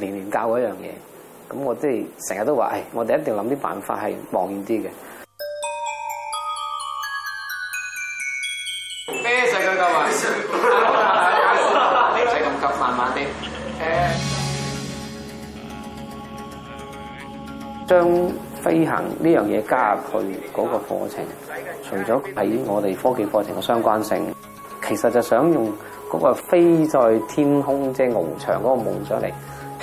年年教一樣嘢，咁我即係成日都話，誒、哎，我哋一定諗啲辦法係望遠啲嘅。世界咁大啊！唔使咁急，慢慢啲。誒，將飛行呢樣嘢加入去嗰個課程，除咗喺我哋科技課程嘅相關性，其實就想用嗰個飛在天空即係翱翔嗰個夢想嚟。就是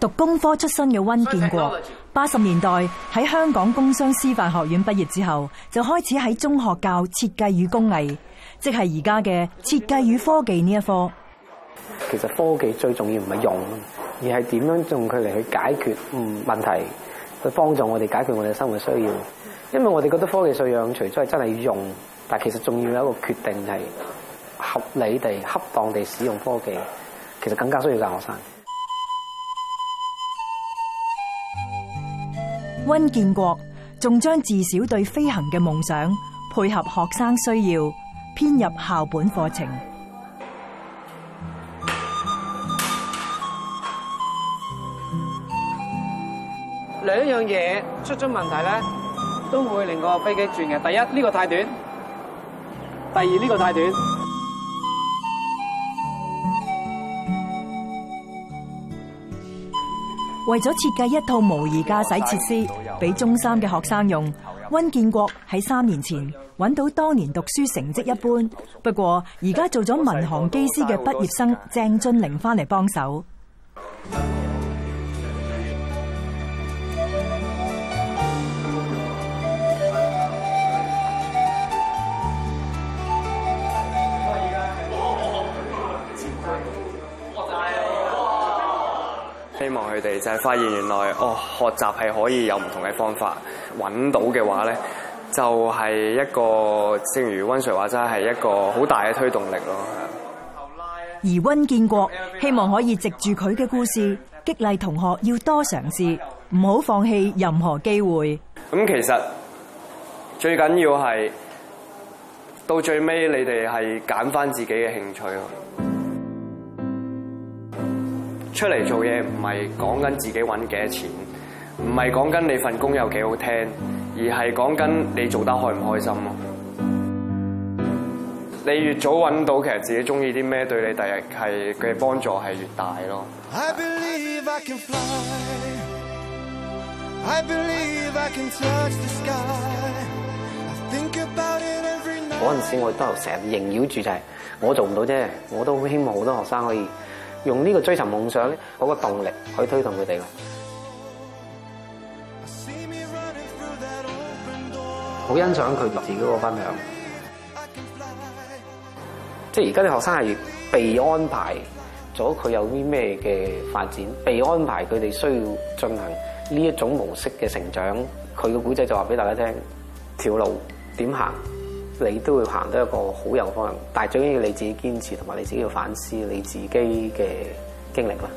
讀工科出身嘅溫建國，八十年代喺香港工商師範學院畢業之後，就開始喺中學教設計與工藝，即係而家嘅設計與科技呢一科。其實科技最重要唔係用，而係點樣用佢嚟去解決嗯問題，去幫助我哋解決我哋生活需要。因為我哋覺得科技素養除咗係真係用，但其實仲要有一個決定係合理地、恰當地使用科技，其實更加需要教學生。温建國仲將自小對飛行嘅夢想配合學生需要編入校本課程。兩樣嘢出咗問題咧，都會令個飛機轉嘅。第一呢、呢個太短，第二呢、呢個太短。為咗設計一套模擬駕駛設施俾中三嘅學生用，溫建國喺三年前揾到當年讀書成績一般，不過而家做咗民航機師嘅畢業生鄭俊玲翻嚟幫手。希望佢哋就係發現原來哦，學習係可以有唔同嘅方法揾到嘅話咧，就係、是、一個，正如溫 Sir 話齋係一個好大嘅推動力咯。而溫建國希望可以藉住佢嘅故事，激勵同學要多嘗試，唔好放棄任何機會。咁其實最緊要係到最尾，你哋係揀返自己嘅興趣咯。出嚟做嘢唔係講緊自己搵幾多錢，唔係講緊你份工有幾好聽，而係講緊你做得開唔開心咯。你越早搵到，其實自己中意啲咩，對你第日係嘅幫助係越大咯。I believe I can fly. I believe I can touch the sky. I think about it every night. 嗰陣時我都成日縈繞住就係、是、我做唔到啫，我都好希望好多學生可以。用呢個追尋夢想咧，呢個動力去推動佢哋啦。好欣賞佢自己個分享，即係而家啲學生係被安排咗佢有啲咩嘅發展，被安排佢哋需要進行呢一種模式嘅成長。佢個古仔就話俾大家聽：條路點行？你都會行到一個好有方向，但係最緊要你自己堅持同埋你自己要反思你自己嘅經歷啦。